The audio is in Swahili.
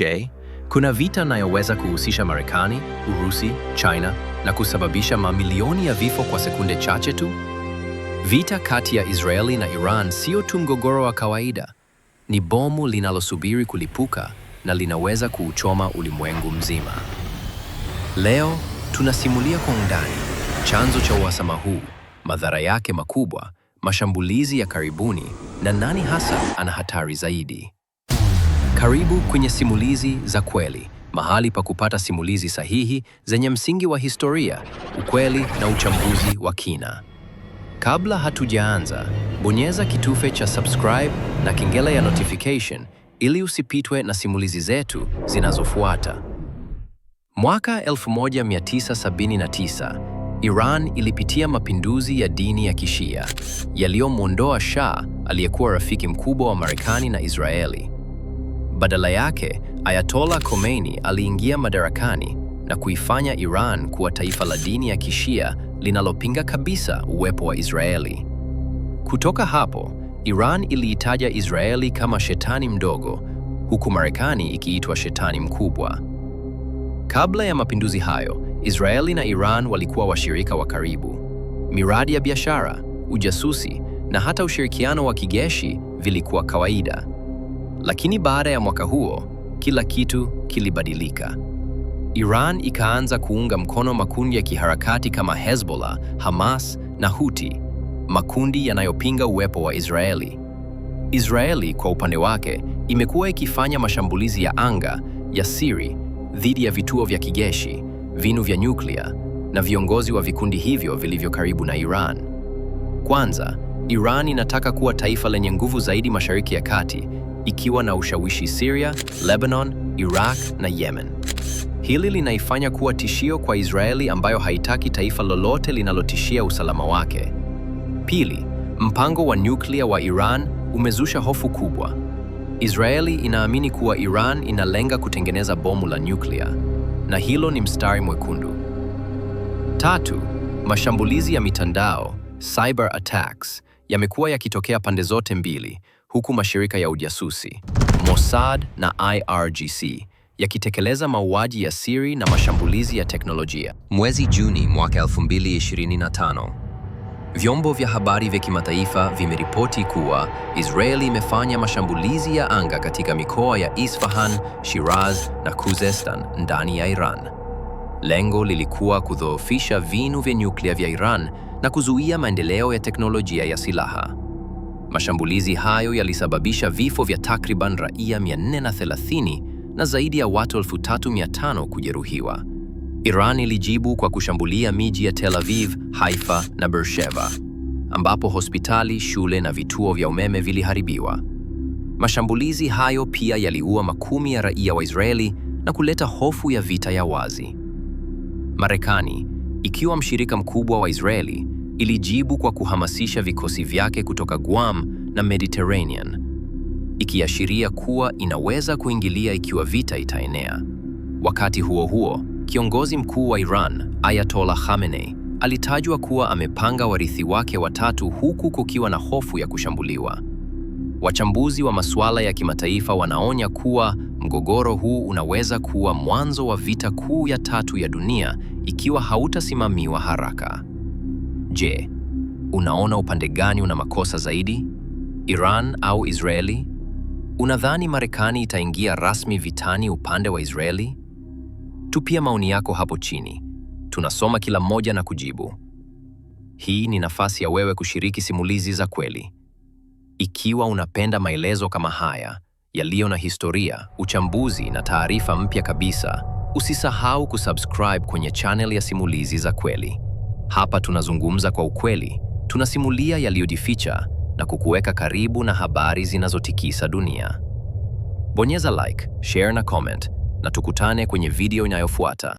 Je, kuna vita inayoweza kuhusisha Marekani, Urusi, China na kusababisha mamilioni ya vifo kwa sekunde chache tu? Vita kati ya Israeli na Iran sio tu mgogoro wa kawaida. Ni bomu linalosubiri kulipuka na linaweza kuuchoma ulimwengu mzima. Leo tunasimulia kwa undani chanzo cha uhasama huu, madhara yake makubwa, mashambulizi ya karibuni na nani hasa ana hatari zaidi. Karibu kwenye Simulizi za Kweli, mahali pa kupata simulizi sahihi zenye msingi wa historia, ukweli na uchambuzi wa kina. Kabla hatujaanza, bonyeza kitufe cha subscribe na kengele ya notification ili usipitwe na simulizi zetu zinazofuata. Mwaka 1979, Iran ilipitia mapinduzi ya dini ya Kishia yaliyomwondoa Shah aliyekuwa rafiki mkubwa wa Marekani na Israeli. Badala yake, Ayatollah Khomeini aliingia madarakani na kuifanya Iran kuwa taifa la dini ya Kishia linalopinga kabisa uwepo wa Israeli. Kutoka hapo, Iran iliitaja Israeli kama shetani mdogo, huku Marekani ikiitwa shetani mkubwa. Kabla ya mapinduzi hayo, Israeli na Iran walikuwa washirika wa karibu. Miradi ya biashara, ujasusi na hata ushirikiano wa kijeshi vilikuwa kawaida. Lakini baada ya mwaka huo, kila kitu kilibadilika. Iran ikaanza kuunga mkono makundi ya kiharakati kama Hezbollah, Hamas na Houthi, makundi yanayopinga uwepo wa Israeli. Israeli kwa upande wake imekuwa ikifanya mashambulizi ya anga ya siri dhidi ya vituo vya kijeshi, vinu vya nyuklia na viongozi wa vikundi hivyo vilivyo karibu na Iran. Kwanza, Iran inataka kuwa taifa lenye nguvu zaidi Mashariki ya Kati ikiwa na ushawishi Syria, Lebanon, Iraq na Yemen. Hili linaifanya kuwa tishio kwa Israeli ambayo haitaki taifa lolote linalotishia usalama wake. Pili, mpango wa nyuklia wa Iran umezusha hofu kubwa. Israeli inaamini kuwa Iran inalenga kutengeneza bomu la nyuklia na hilo ni mstari mwekundu. Tatu, mashambulizi ya mitandao, cyber attacks, yamekuwa yakitokea pande zote mbili huku mashirika ya ujasusi Mossad na IRGC yakitekeleza mauaji ya siri na mashambulizi ya teknolojia. Mwezi Juni mwaka 2025, vyombo vya habari vya kimataifa vimeripoti kuwa Israel imefanya mashambulizi ya anga katika mikoa ya Isfahan, Shiraz na Khuzestan ndani ya Iran. Lengo lilikuwa kudhoofisha vinu vya nyuklia vya Iran na kuzuia maendeleo ya teknolojia ya silaha. Mashambulizi hayo yalisababisha vifo vya takriban raia 430 na zaidi ya watu 3500 kujeruhiwa. Iran ilijibu kwa kushambulia miji ya Tel Aviv, Haifa na Beersheba, ambapo hospitali, shule na vituo vya umeme viliharibiwa. Mashambulizi hayo pia yaliua makumi ya raia wa Israeli na kuleta hofu ya vita ya wazi. Marekani, ikiwa mshirika mkubwa wa Israeli, ilijibu kwa kuhamasisha vikosi vyake kutoka Guam na Mediterranean, ikiashiria kuwa inaweza kuingilia ikiwa vita itaenea. Wakati huo huo, kiongozi mkuu wa Iran, Ayatollah Khamenei, alitajwa kuwa amepanga warithi wake watatu huku kukiwa na hofu ya kushambuliwa. Wachambuzi wa masuala ya kimataifa wanaonya kuwa mgogoro huu unaweza kuwa mwanzo wa vita kuu ya tatu ya dunia ikiwa hautasimamiwa haraka. Je, unaona upande gani una makosa zaidi, Iran au Israeli? Unadhani Marekani itaingia rasmi vitani upande wa Israeli? Tupia maoni yako hapo chini. Tunasoma kila mmoja na kujibu. Hii ni nafasi ya wewe kushiriki simulizi za kweli. Ikiwa unapenda maelezo kama haya yaliyo na historia, uchambuzi na taarifa mpya kabisa, usisahau kusubscribe kwenye channel ya Simulizi za Kweli. Hapa tunazungumza kwa ukweli, tunasimulia yaliyojificha na kukuweka karibu na habari zinazotikisa dunia. Bonyeza like, share na comment na tukutane kwenye video inayofuata.